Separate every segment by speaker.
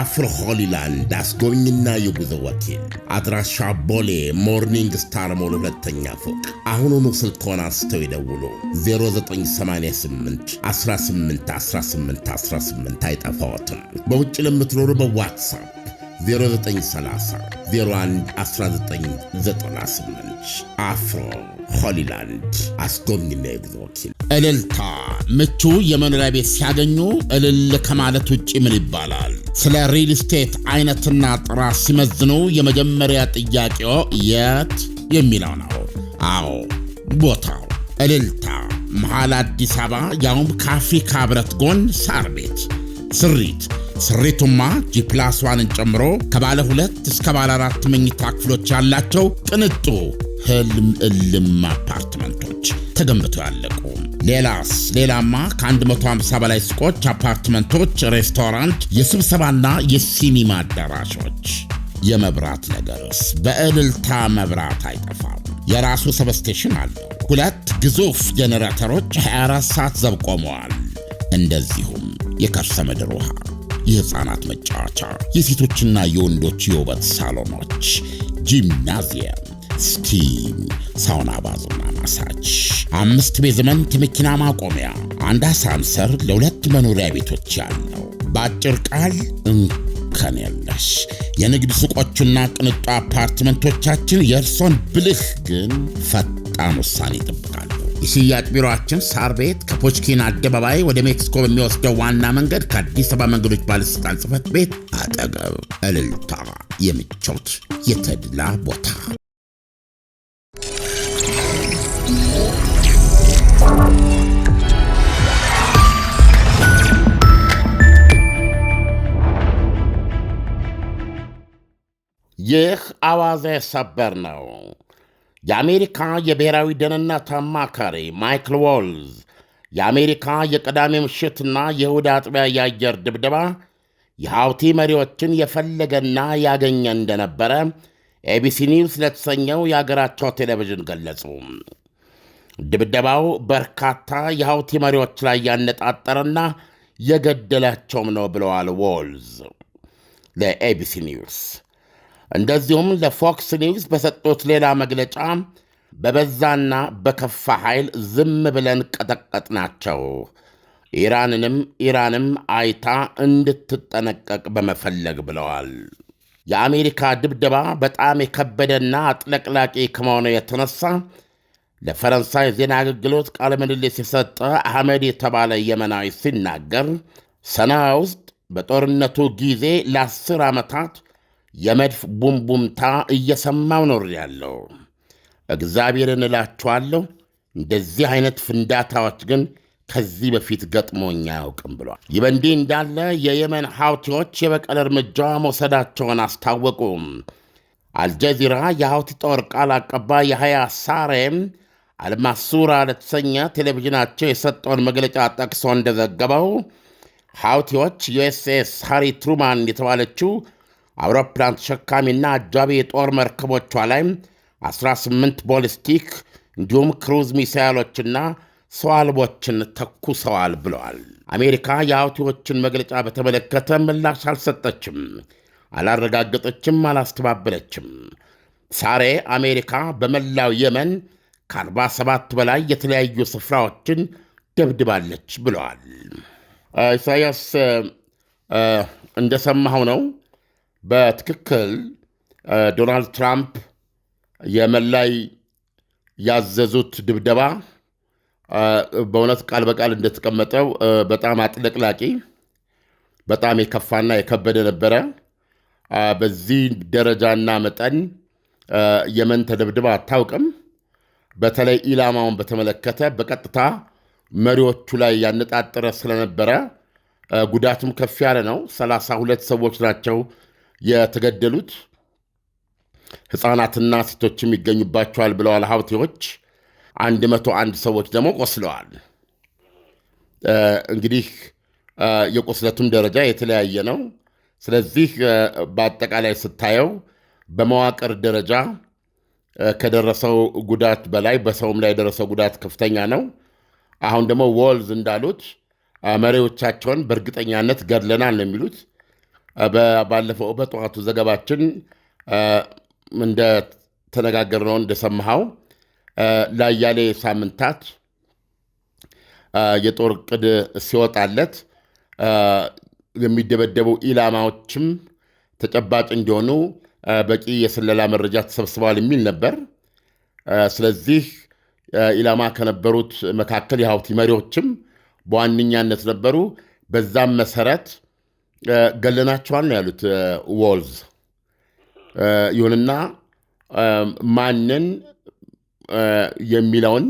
Speaker 1: አፍሮ ሆሊላንድ አስጎብኝና የጉዞ ወኪል አድራሻ ቦሌ ሞርኒንግ ስታር ሞል ሁለተኛ ፎቅ። አሁኑኑ ስልክዎን አንስተው ይደውሉ 0988 18 18 18 አይጠፋዎትም። በውጭ ለምትኖሩ በዋትሳፕ አፍሮ ሆሊላንድ አስጎብኝና የጉዞ ወኪል። እልልታ ምቹ የመኖሪያ ቤት ሲያገኙ እልል ከማለት ውጭ ምን ይባላል? ስለ ሪል ስቴት አይነትና ጥራት ሲመዝኑ የመጀመሪያ ጥያቄው የት የሚለው ነው። አዎ ቦታው እልልታ መሃል አዲስ አበባ፣ ያውም ከአፍሪካ ህብረት ጎን ሳር ቤት ስሪት ስሪቱማ ጂፕላስ ዋንን ጨምሮ ከባለ ሁለት እስከ ባለ አራት መኝታ ክፍሎች ያላቸው ቅንጡ ህልም እልም አፓርትመንቶች ተገንብተው ያለቁ። ሌላስ ሌላማ ከ150 በላይ ሱቆች፣ አፓርትመንቶች፣ ሬስቶራንት፣ የስብሰባና የሲኒማ አዳራሾች። የመብራት ነገርስ በእልልታ መብራት አይጠፋም። የራሱ ሰብስቴሽን አለው። ሁለት ግዙፍ ጄኔሬተሮች 24 ሰዓት ዘብ ቆመዋል። እንደዚሁም የከርሰ ምድር ውሃ የህፃናት መጫወቻ፣ የሴቶችና የወንዶች የውበት ሳሎኖች፣ ጂምናዚየም፣ ስቲም፣ ሳውና፣ ባዝና ማሳጅ፣ አምስት ቤዝመንት መኪና ማቆሚያ፣ አንድ አሳንሰር ለሁለት መኖሪያ ቤቶች ያለው በአጭር ቃል እንከን የለሽ የንግድ ሱቆቹና ቅንጡ አፓርትመንቶቻችን የእርሶን ብልህ ግን ፈጣን ውሳኔ ይጠብቃል። የሽያጭ ቢሮችን ሳር ቤት ከፖችኪን አደባባይ ወደ ሜክሲኮ በሚወስደው ዋና መንገድ ከአዲስ አበባ መንገዶች ባለሥልጣን ጽህፈት ቤት አጠገብ እልልታ የምቾት የተድላ ቦታ። ይህ አዋዜ ሰበር ነው። የአሜሪካ የብሔራዊ ደህንነት አማካሪ ማይክል ዎልዝ የአሜሪካ የቅዳሜ ምሽትና የእሁድ አጥቢያ የአየር ድብደባ የሐውቲ መሪዎችን የፈለገና ያገኘ እንደነበረ ኤቢሲ ኒውስ ለተሰኘው የአገራቸው ቴሌቪዥን ገለጹ። ድብደባው በርካታ የሐውቲ መሪዎች ላይ ያነጣጠረና የገደላቸውም ነው ብለዋል ዎልዝ ለኤቢሲ ኒውስ። እንደዚሁም ለፎክስ ኒውስ በሰጡት ሌላ መግለጫ በበዛና በከፋ ኃይል ዝም ብለን ቀጠቀጥ ናቸው። ኢራንንም ኢራንም አይታ እንድትጠነቀቅ በመፈለግ ብለዋል። የአሜሪካ ድብደባ በጣም የከበደና አጥለቅላቂ ከመሆኑ የተነሳ ለፈረንሳይ ዜና አገልግሎት ቃለ ምልልስ የሰጠ አህመድ የተባለ የመናዊ ሲናገር ሰና ውስጥ በጦርነቱ ጊዜ ለአስር ዓመታት የመድፍ ቡምቡምታ እየሰማው ኖር ያለው። እግዚአብሔርን እላችኋለሁ እንደዚህ አይነት ፍንዳታዎች ግን ከዚህ በፊት ገጥሞኝ አያውቅም ብሏል። ይህ በእንዲህ እንዳለ የየመን ሐውቲዎች የበቀል እርምጃ መውሰዳቸውን አስታወቁ። አልጀዚራ የሐውቲ ጦር ቃል አቀባይ የሐያ ሳሬም አልማሱራ ለተሰኘ ቴሌቪዥናቸው የሰጠውን መግለጫ ጠቅሶ እንደዘገበው ሐውቲዎች ዩኤስኤስ ሃሪ ትሩማን የተባለችው አውሮፕላን ተሸካሚና አጃቢ የጦር መርከቦቿ ላይ 18 ቦሊስቲክ እንዲሁም ክሩዝ ሚሳይሎችና ሰው አልቦችን ተኩሰዋል ብለዋል። አሜሪካ የአውቲዎችን መግለጫ በተመለከተ ምላሽ አልሰጠችም፣ አላረጋገጠችም፣ አላስተባበለችም። ዛሬ አሜሪካ በመላው የመን ከ47 በላይ የተለያዩ ስፍራዎችን ደብድባለች ብለዋል። ኢሳያስ እንደሰማኸው ነው በትክክል ዶናልድ ትራምፕ የመላይ ያዘዙት ድብደባ በእውነት ቃል በቃል እንደተቀመጠው በጣም አጥለቅላቂ፣ በጣም የከፋና የከበደ ነበረ። በዚህ ደረጃና መጠን የመን ተደብድባ አታውቅም። በተለይ ኢላማውን በተመለከተ በቀጥታ መሪዎቹ ላይ ያነጣጠረ ስለነበረ ጉዳቱም ከፍ ያለ ነው። ሰላሳ ሁለት ሰዎች ናቸው የተገደሉት ሕፃናትና ሴቶችም ይገኙባቸዋል ብለዋል መቶ 101 ሰዎች ደግሞ ቆስለዋል። እንግዲህ የቁስለቱም ደረጃ የተለያየ ነው። ስለዚህ በአጠቃላይ ስታየው በመዋቅር ደረጃ ከደረሰው ጉዳት በላይ በሰውም ላይ የደረሰው ጉዳት ከፍተኛ ነው። አሁን ደግሞ ወልዝ እንዳሉት መሪዎቻቸውን በእርግጠኛነት ገድለናል ነው የሚሉት። ባለፈው በጠዋቱ ዘገባችን እንደተነጋገርነው እንደሰማኸው ለአያሌ ሳምንታት የጦር ቅድ ሲወጣለት የሚደበደቡ ኢላማዎችም ተጨባጭ እንዲሆኑ በቂ የስለላ መረጃ ተሰብስበዋል የሚል ነበር። ስለዚህ ኢላማ ከነበሩት መካከል የሀውቲ መሪዎችም በዋነኛነት ነበሩ። በዛም መሰረት ገለናቸዋል ነው ያሉት ዎልዝ። ይሁንና ማንን የሚለውን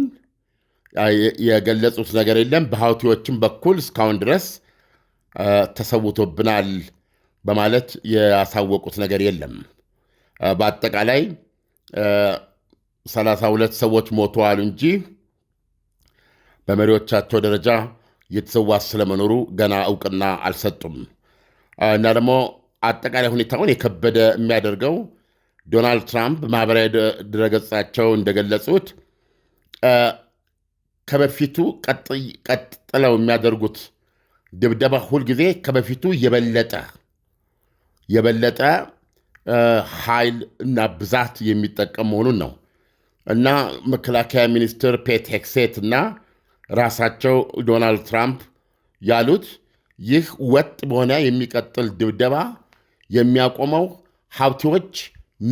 Speaker 1: የገለጹት ነገር የለም። በሀውቲዎችም በኩል እስካሁን ድረስ ተሰውቶብናል በማለት ያሳወቁት ነገር የለም። በአጠቃላይ 32 ሰዎች ሞተዋል እንጂ በመሪዎቻቸው ደረጃ የተሰዋ ስለመኖሩ ገና እውቅና አልሰጡም። እና ደግሞ አጠቃላይ ሁኔታውን የከበደ የሚያደርገው ዶናልድ ትራምፕ ማህበራዊ ድረገጻቸው እንደገለጹት ከበፊቱ ቀጥለው የሚያደርጉት ድብደባ ሁልጊዜ ከበፊቱ የበለጠ የበለጠ ኃይል እና ብዛት የሚጠቀም መሆኑን ነው እና መከላከያ ሚኒስትር ፔት ሄክሴት እና ራሳቸው ዶናልድ ትራምፕ ያሉት ይህ ወጥ በሆነ የሚቀጥል ድብደባ የሚያቆመው ሀውቲዎች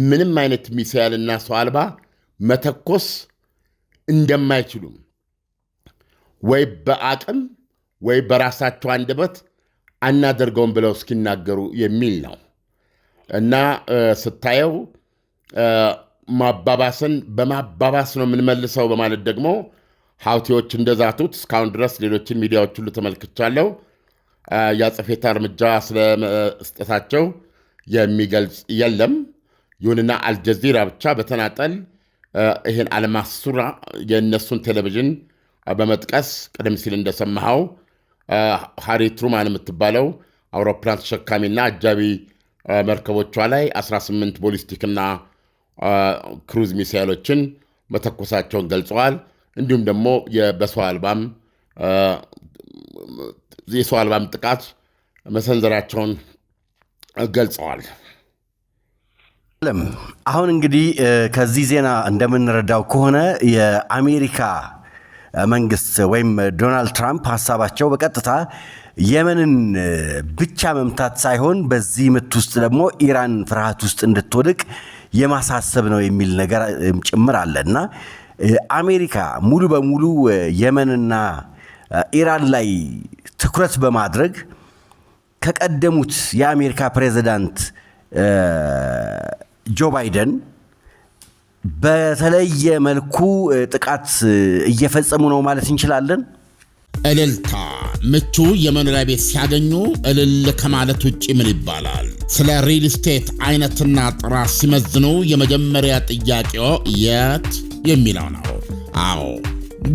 Speaker 1: ምንም አይነት ሚሳኤልና ሰው አልባ መተኮስ እንደማይችሉም ወይ በአቅም ወይ በራሳቸው አንደበት አናደርገውም ብለው እስኪናገሩ የሚል ነው እና ስታየው ማባባስን በማባባስ ነው የምንመልሰው በማለት ደግሞ ሀውቲዎች እንደዛቱት እስካሁን ድረስ ሌሎችን ሚዲያዎች ሁሉ ተመልክቻለሁ። የአጸፋ እርምጃ ስለመስጠታቸው የሚገልጽ የለም። ይሁንና አልጀዚራ ብቻ በተናጠል ይህን አልማሱራ የእነሱን ቴሌቪዥን በመጥቀስ ቀደም ሲል እንደሰማኸው ሃሪ ትሩማን የምትባለው አውሮፕላን ተሸካሚና አጃቢ መርከቦቿ ላይ 18 ቦሊስቲክና ክሩዝ ሚሳይሎችን መተኮሳቸውን ገልጸዋል። እንዲሁም ደግሞ በሰው አልባም የሰው አልባም ጥቃት መሰንዘራቸውን ገልጸዋል። አሁን እንግዲህ ከዚህ ዜና እንደምንረዳው ከሆነ የአሜሪካ መንግስት ወይም ዶናልድ ትራምፕ ሀሳባቸው በቀጥታ የመንን ብቻ መምታት ሳይሆን በዚህ ምት ውስጥ ደግሞ ኢራን ፍርሃት ውስጥ እንድትወድቅ የማሳሰብ ነው የሚል ነገር ጭምር አለ እና አሜሪካ ሙሉ በሙሉ የመንና ኢራን ላይ ትኩረት በማድረግ ከቀደሙት የአሜሪካ ፕሬዚዳንት ጆ ባይደን በተለየ መልኩ ጥቃት እየፈጸሙ ነው ማለት እንችላለን። እልልታ ምቹ የመኖሪያ ቤት ሲያገኙ እልል ከማለት ውጭ ምን ይባላል? ስለ ሪል ስቴት አይነትና ጥራት ሲመዝኑ የመጀመሪያ ጥያቄው የት የሚለው ነው። አዎ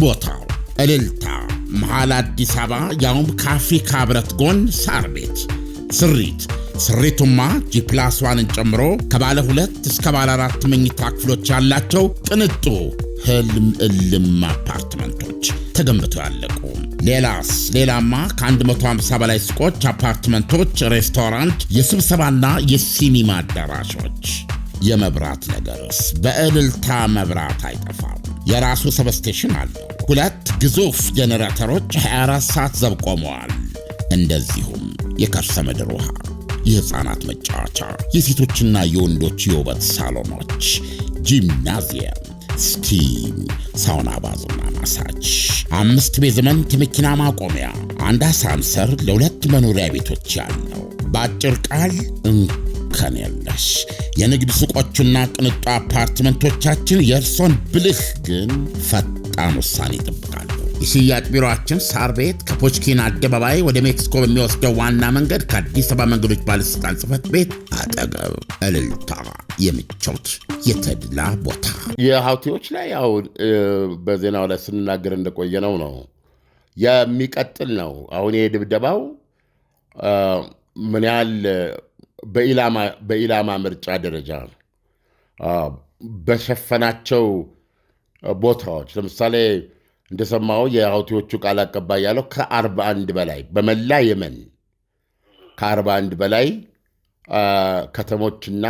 Speaker 1: ቦታው እልልታ መሃል አዲስ አበባ ያውም ከአፍሪካ ህብረት ጎን ሳር ቤት ስሪት ስሪቱማ ጂፕላስዋንን ጨምሮ ከባለ ሁለት እስከ ባለ አራት መኝታ ክፍሎች ያላቸው ቅንጡ ህልም እልም አፓርትመንቶች ተገንብተው ያለቁ። ሌላስ ሌላማ ከ150 በላይ ሱቆች፣ አፓርትመንቶች፣ ሬስቶራንት፣ የስብሰባና የሲኒማ አዳራሾች። የመብራት ነገርስ በእልልታ መብራት አይጠፋም። የራሱ ሰብስቴሽን አለው። ሁለት ግዙፍ ጄኔሬተሮች 24 ሰዓት ዘብ ቆመዋል። እንደዚሁም የከርሰ ምድር ውሃ፣ የሕፃናት መጫወቻ፣ የሴቶችና የወንዶች የውበት ሳሎኖች፣ ጂምናዚየም፣ ስቲም፣ ሳውና፣ ባዝና ማሳጅ፣ አምስት ቤዝመንት መኪና ማቆሚያ፣ አንድ አሳንሰር ለሁለት መኖሪያ ቤቶች ያለው በአጭር ቃል እንከን የለሽ የንግድ ሱቆቹና ቅንጡ አፓርትመንቶቻችን የእርሶን ብልህ ግን ፈት ፈጣን ውሳኔ ይጠብቃሉ። የሽያጭ ቢሮችን ሳር ቤት ከፖችኪን አደባባይ ወደ ሜክሲኮ በሚወስደው ዋና መንገድ ከአዲስ አበባ መንገዶች ባለሥልጣን ጽህፈት ቤት አጠገብ። እልልታ፣ የምቾት የተድላ ቦታ። የሀውቲዎች ላይ ያው በዜናው ላይ ስንናገር እንደቆየነው ነው የሚቀጥል ነው። አሁን ይሄ ድብደባው ምን ያህል በኢላማ ምርጫ ደረጃ በሸፈናቸው ቦታዎች ለምሳሌ እንደሰማው የሀውቲዎቹ ቃል አቀባይ ያለው ከ በላይ በመላ የመን ከ41 በላይ ከተሞችና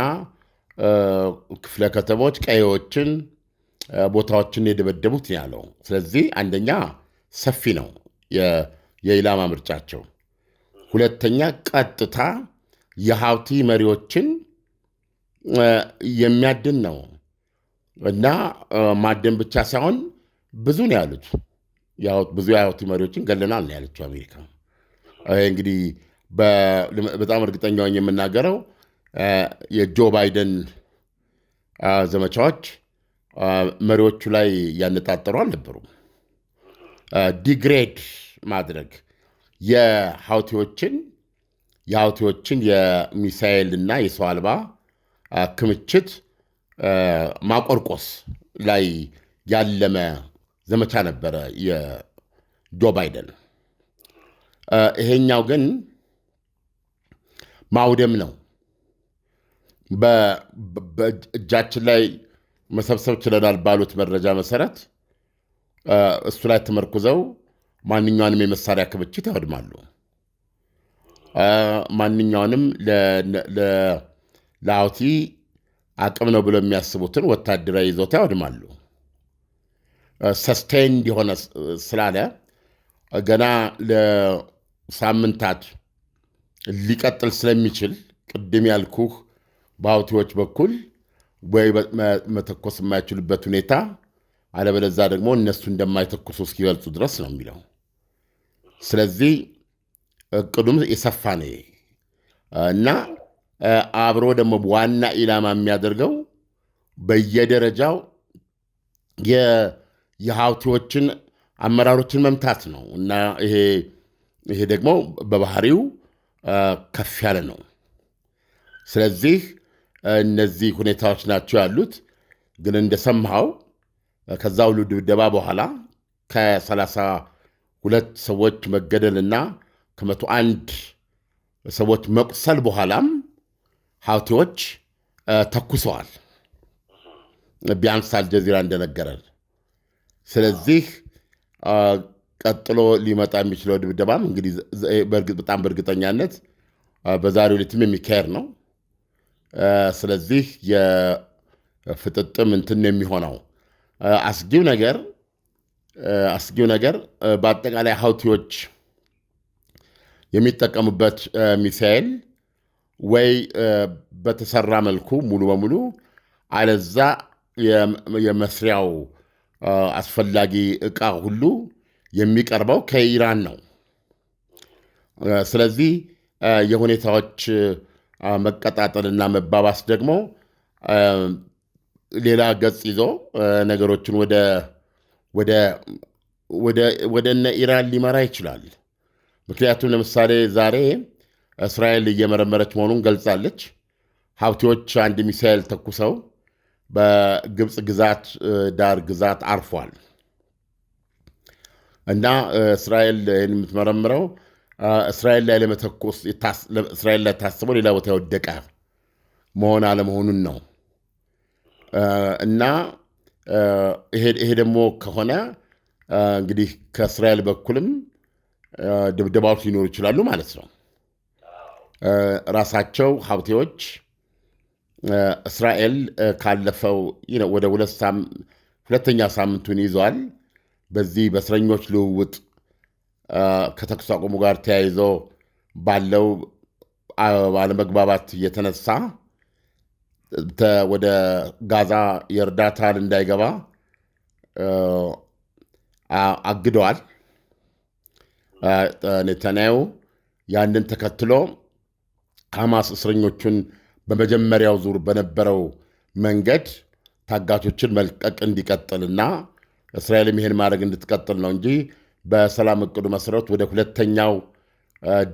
Speaker 1: ክፍለ ከተሞች ቀዬዎችን፣ ቦታዎችን የደበደቡት ያለው። ስለዚህ አንደኛ ሰፊ ነው የኢላማ ምርጫቸው። ሁለተኛ ቀጥታ የሀውቲ መሪዎችን የሚያድን ነው። እና ማደን ብቻ ሳይሆን ብዙ ነው ያሉት። ብዙ የሀውቲ መሪዎችን ገለናል ነው ያለችው አሜሪካ። ይሄ እንግዲህ በጣም እርግጠኛ የምናገረው የጆ ባይደን ዘመቻዎች መሪዎቹ ላይ ያነጣጠሩ አልነበሩም። ዲግሬድ ማድረግ የሀውቲዎችን የሀውቲዎችን የሚሳኤልና የሰው አልባ ክምችት ማቆርቆስ ላይ ያለመ ዘመቻ ነበረ የጆ ባይደን። ይሄኛው ግን ማውደም ነው። በእጃችን ላይ መሰብሰብ ችለናል ባሉት መረጃ መሰረት እሱ ላይ ተመርኩዘው ማንኛውንም የመሳሪያ ክምችት ያወድማሉ። ማንኛውንም ለሀውቲ አቅም ነው ብሎ የሚያስቡትን ወታደራዊ ይዞታ ያወድማሉ። ሰስቴንድ የሆነ ስላለ ገና ለሳምንታት ሊቀጥል ስለሚችል ቅድም ያልኩህ በሁቲዎች በኩል ወይ መተኮስ የማይችሉበት ሁኔታ አለበለዛ ደግሞ እነሱ እንደማይተኩሱ እስኪገልጹ ድረስ ነው የሚለው። ስለዚህ እቅዱም የሰፋ ነው እና አብሮ ደግሞ ዋና ኢላማ የሚያደርገው በየደረጃው የሀውቲዎችን አመራሮችን መምታት ነው እና ይሄ ደግሞ በባህሪው ከፍ ያለ ነው። ስለዚህ እነዚህ ሁኔታዎች ናቸው ያሉት። ግን እንደሰማኸው ከዛ ሁሉ ድብደባ በኋላ ከሰላሳ ሁለት ሰዎች መገደልና ከመቶ አንድ ሰዎች መቁሰል በኋላም ሀውቲዎች ተኩሰዋል። ቢያንስ አልጀዚራ እንደነገረን። ስለዚህ ቀጥሎ ሊመጣ የሚችለው ድብደባም እንግዲህ በጣም በእርግጠኛነት በዛሬው ሌትም የሚካሄድ ነው። ስለዚህ የፍጥጥም እንትን የሚሆነው። አስጊው ነገር አስጊው ነገር በአጠቃላይ ሀውቲዎች የሚጠቀሙበት ሚሳኤል ወይ በተሰራ መልኩ ሙሉ በሙሉ አለዛ የመስሪያው አስፈላጊ እቃ ሁሉ የሚቀርበው ከኢራን ነው። ስለዚህ የሁኔታዎች መቀጣጠልና መባባስ ደግሞ ሌላ ገጽ ይዞ ነገሮችን ወደ እነ ኢራን ሊመራ ይችላል። ምክንያቱም ለምሳሌ ዛሬ እስራኤል እየመረመረች መሆኑን ገልጻለች። ሀብቴዎች አንድ ሚሳኤል ተኩሰው በግብፅ ግዛት ዳር ግዛት አርፏል እና እስራኤል ይህን የምትመረምረው እስራኤል ላይ ለመተኮስ እስራኤል ላይ ታስቦ ሌላ ቦታ የወደቀ መሆን አለመሆኑን ነው እና ይሄ ደግሞ ከሆነ እንግዲህ ከእስራኤል በኩልም ድብደባዎች ሊኖሩ ይችላሉ ማለት ነው። ራሳቸው ሀብቴዎች እስራኤል ካለፈው ወደ ሁለተኛ ሳምንቱን ይዘዋል። በዚህ በእስረኞች ልውውጥ ከተኩስ አቁሙ ጋር ተያይዞ ባለው አለመግባባት እየተነሳ ወደ ጋዛ የእርዳታ እንዳይገባ አግደዋል። ኔታንያሁ ያንን ተከትሎ ሐማስ እስረኞቹን በመጀመሪያው ዙር በነበረው መንገድ ታጋቾችን መልቀቅ እንዲቀጥልና እስራኤልም ይህን ማድረግ እንድትቀጥል ነው እንጂ በሰላም እቅዱ መሰረት ወደ ሁለተኛው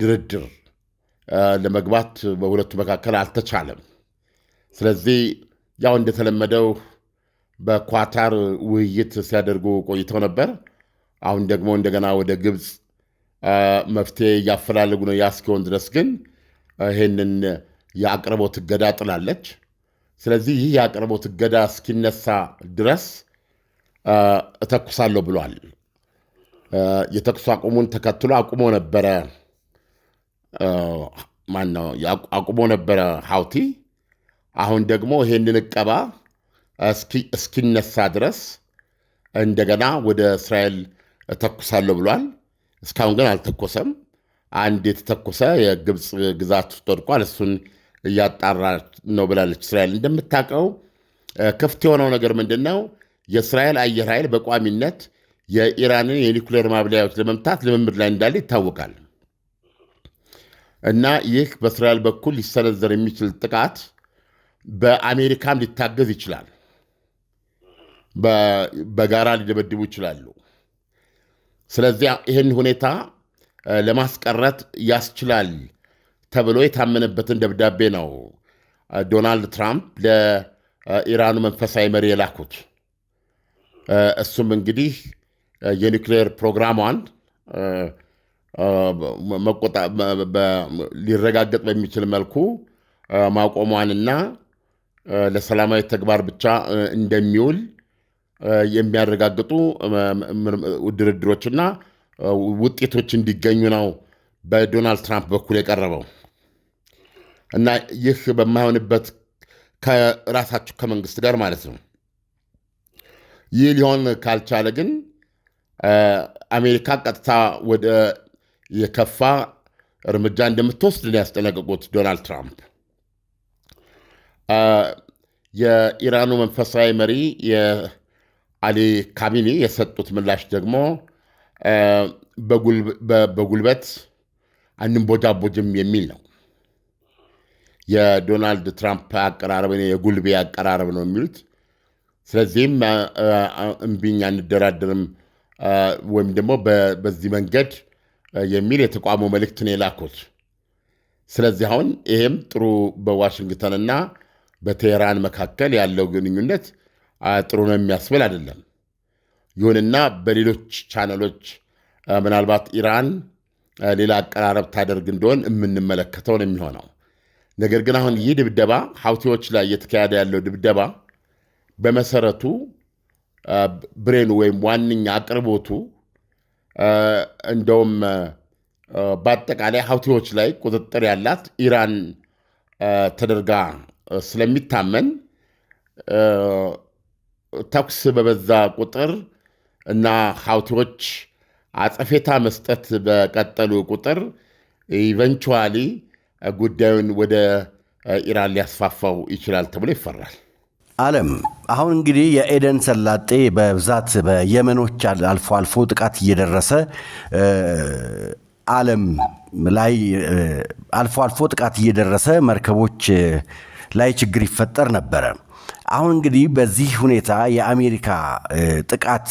Speaker 1: ድርድር ለመግባት በሁለቱ መካከል አልተቻለም። ስለዚህ ያው እንደተለመደው በኳታር ውይይት ሲያደርጉ ቆይተው ነበር። አሁን ደግሞ እንደገና ወደ ግብፅ መፍትሄ እያፈላለጉ ነው። ያስኪሆን ድረስ ግን ይህንን የአቅርቦት እገዳ ጥላለች። ስለዚህ ይህ የአቅርቦት እገዳ እስኪነሳ ድረስ እተኩሳለሁ ብሏል። የተኩስ አቁሙን ተከትሎ አቁሞ ነበረ ማነው አቁሞ ነበረ ሀውቲ። አሁን ደግሞ ይሄንን እቀባ እስኪነሳ ድረስ እንደገና ወደ እስራኤል እተኩሳለሁ ብሏል። እስካሁን ግን አልተኮሰም። አንድ የተተኮሰ የግብፅ ግዛት ውስጥ ወድቋል። እሱን እያጣራ ነው ብላለች እስራኤል። እንደምታውቀው ክፍት የሆነው ነገር ምንድን ነው? የእስራኤል አየር ኃይል በቋሚነት የኢራንን የኒኩሌር ማብለያዎች ለመምታት ልምምድ ላይ እንዳለ ይታወቃል። እና ይህ በእስራኤል በኩል ሊሰነዘር የሚችል ጥቃት በአሜሪካም ሊታገዝ ይችላል። በጋራ ሊደበድቡ ይችላሉ። ስለዚህ ይህን ሁኔታ ለማስቀረት ያስችላል ተብሎ የታመነበትን ደብዳቤ ነው ዶናልድ ትራምፕ ለኢራኑ መንፈሳዊ መሪ የላኩት። እሱም እንግዲህ የኒውክሌር ፕሮግራሟን ሊረጋገጥ በሚችል መልኩ ማቆሟንና ለሰላማዊ ተግባር ብቻ እንደሚውል የሚያረጋግጡ ድርድሮችና ውጤቶች እንዲገኙ ነው በዶናልድ ትራምፕ በኩል የቀረበው እና ይህ በማይሆንበት ከራሳችሁ ከመንግስት ጋር ማለት ነው። ይህ ሊሆን ካልቻለ ግን አሜሪካ ቀጥታ ወደ የከፋ እርምጃ እንደምትወስድ ነው ያስጠነቀቁት ዶናልድ ትራምፕ። የኢራኑ መንፈሳዊ መሪ የአሊ ካሚኒ የሰጡት ምላሽ ደግሞ በጉልበት አንንቦጫቦጭም የሚል ነው። የዶናልድ ትራምፕ አቀራረብ የጉልቤ አቀራረብ ነው የሚሉት። ስለዚህም እምቢኝ አንደራደርም ወይም ደግሞ በዚህ መንገድ የሚል የተቋሙ መልእክት ነው የላኩት። ስለዚህ አሁን ይሄም ጥሩ በዋሽንግተንና በቴህራን መካከል ያለው ግንኙነት ጥሩ ነው የሚያስብል አይደለም። ይሁንና በሌሎች ቻነሎች ምናልባት ኢራን ሌላ አቀራረብ ታደርግ እንደሆን የምንመለከተው ነው የሚሆነው። ነገር ግን አሁን ይህ ድብደባ ሀውቲዎች ላይ እየተካሄደ ያለው ድብደባ በመሰረቱ ብሬኑ ወይም ዋነኛ አቅርቦቱ እንደውም በአጠቃላይ ሀውቲዎች ላይ ቁጥጥር ያላት ኢራን ተደርጋ ስለሚታመን ተኩስ በበዛ ቁጥር እና ሀውቲዎች አጸፌታ መስጠት በቀጠሉ ቁጥር ኢቨንቹዋሊ ጉዳዩን ወደ ኢራን ሊያስፋፋው ይችላል ተብሎ ይፈራል። አለም አሁን እንግዲህ የኤደን ሰላጤ በብዛት በየመኖች አልፎ አልፎ ጥቃት እየደረሰ አለም ላይ አልፎ አልፎ ጥቃት እየደረሰ መርከቦች ላይ ችግር ይፈጠር ነበረ። አሁን እንግዲህ በዚህ ሁኔታ የአሜሪካ ጥቃት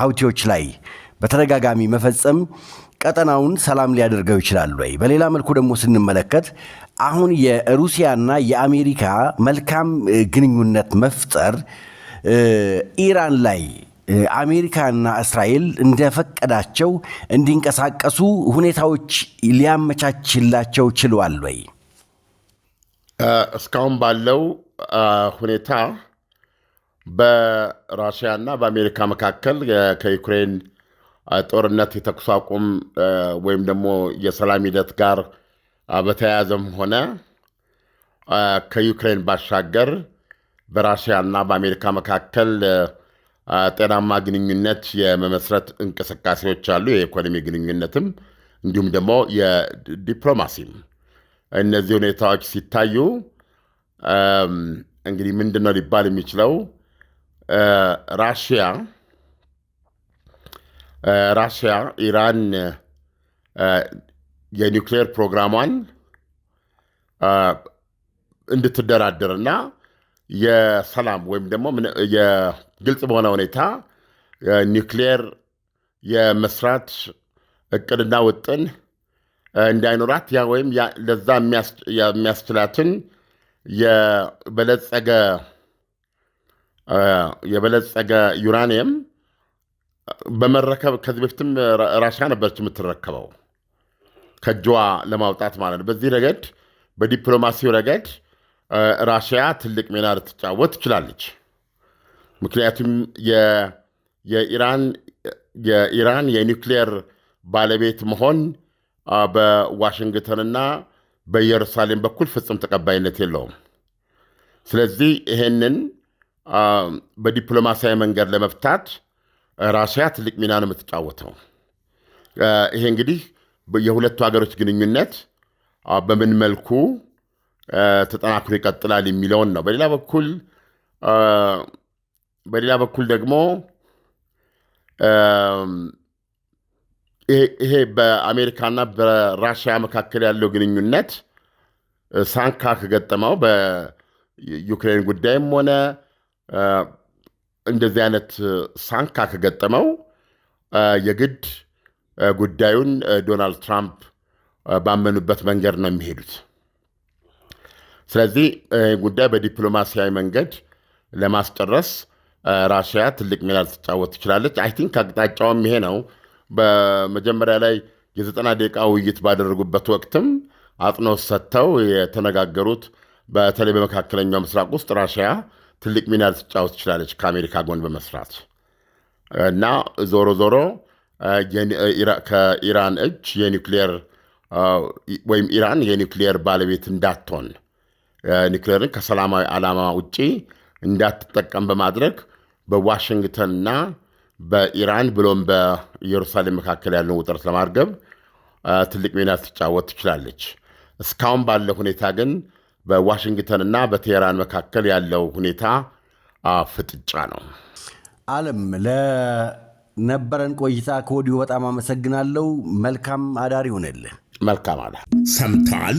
Speaker 1: ሀውቲዎች ላይ በተደጋጋሚ መፈጸም ቀጠናውን ሰላም ሊያደርገው ይችላል ወይ? በሌላ መልኩ ደግሞ ስንመለከት አሁን የሩሲያና የአሜሪካ መልካም ግንኙነት መፍጠር ኢራን ላይ አሜሪካና እስራኤል እንደፈቀዳቸው እንዲንቀሳቀሱ ሁኔታዎች ሊያመቻችላቸው ችሏል ወይ? እስካሁን ባለው ሁኔታ በራሽያና በአሜሪካ መካከል ከዩክሬን ጦርነት የተኩስ አቁም ወይም ደግሞ የሰላም ሂደት ጋር በተያያዘም ሆነ ከዩክሬን ባሻገር በራሽያና በአሜሪካ መካከል ጤናማ ግንኙነት የመመስረት እንቅስቃሴዎች አሉ። የኢኮኖሚ ግንኙነትም እንዲሁም ደግሞ የዲፕሎማሲም እነዚህ ሁኔታዎች ሲታዩ እንግዲህ ምንድን ነው ሊባል የሚችለው? ራሽያ ራሽያ ኢራን የኒውክሌር ፕሮግራሟን እንድትደራደር ና የሰላም ወይም ደግሞ የግልጽ በሆነ ሁኔታ ኒውክሌር የመስራት እቅድና ውጥን እንዳይኖራት ያ ወይም ለዛ የሚያስችላትን የበለጸገ የበለጸገ ዩራኒየም በመረከብ ከዚህ በፊትም ራሽያ ነበረች የምትረከበው ከእጅዋ ለማውጣት ማለት ነው። በዚህ ረገድ በዲፕሎማሲው ረገድ ራሽያ ትልቅ ሚና ልትጫወት ትችላለች። ምክንያቱም የኢራን የኒውክሌር ባለቤት መሆን በዋሽንግተንና በኢየሩሳሌም በኩል ፍጹም ተቀባይነት የለውም። ስለዚህ ይሄንን በዲፕሎማሲያዊ መንገድ ለመፍታት ራሽያ ትልቅ ሚና ነው የምትጫወተው። ይሄ እንግዲህ የሁለቱ ሀገሮች ግንኙነት በምን መልኩ ተጠናክሮ ይቀጥላል የሚለውን ነው። በሌላ በኩል በሌላ በኩል ደግሞ ይሄ በአሜሪካና በራሽያ መካከል ያለው ግንኙነት ሳንካ ከገጠመው በዩክሬን ጉዳይም ሆነ እንደዚህ አይነት ሳንካ ከገጠመው የግድ ጉዳዩን ዶናልድ ትራምፕ ባመኑበት መንገድ ነው የሚሄዱት። ስለዚህ ጉዳይ በዲፕሎማሲያዊ መንገድ ለማስጨረስ ራሽያ ትልቅ ሚና ልትጫወት ትችላለች። አይ ቲንክ አቅጣጫውም ይሄ ነው። በመጀመሪያ ላይ የዘጠና ደቂቃ ውይይት ባደረጉበት ወቅትም አጽንኦት ሰጥተው የተነጋገሩት በተለይ በመካከለኛው ምስራቅ ውስጥ ራሽያ ትልቅ ሚና ልትጫወት ትችላለች ከአሜሪካ ጎን በመስራት እና ዞሮ ዞሮ ከኢራን እጅ የኒክሌር ወይም ኢራን የኒክሌር ባለቤት እንዳትሆን ኒክሌርን ከሰላማዊ ዓላማ ውጪ እንዳትጠቀም በማድረግ በዋሽንግተንና በኢራን ብሎም በኢየሩሳሌም መካከል ያለውን ውጥረት ለማርገብ ትልቅ ሚና ትጫወት ትችላለች። እስካሁን ባለ ሁኔታ ግን በዋሽንግተንና በቴህራን መካከል ያለው ሁኔታ ፍጥጫ ነው። አለም ለነበረን ቆይታ ከወዲሁ በጣም አመሰግናለሁ። መልካም አዳር ይሆነልን። መልካም አዳር። ሰምተዋል።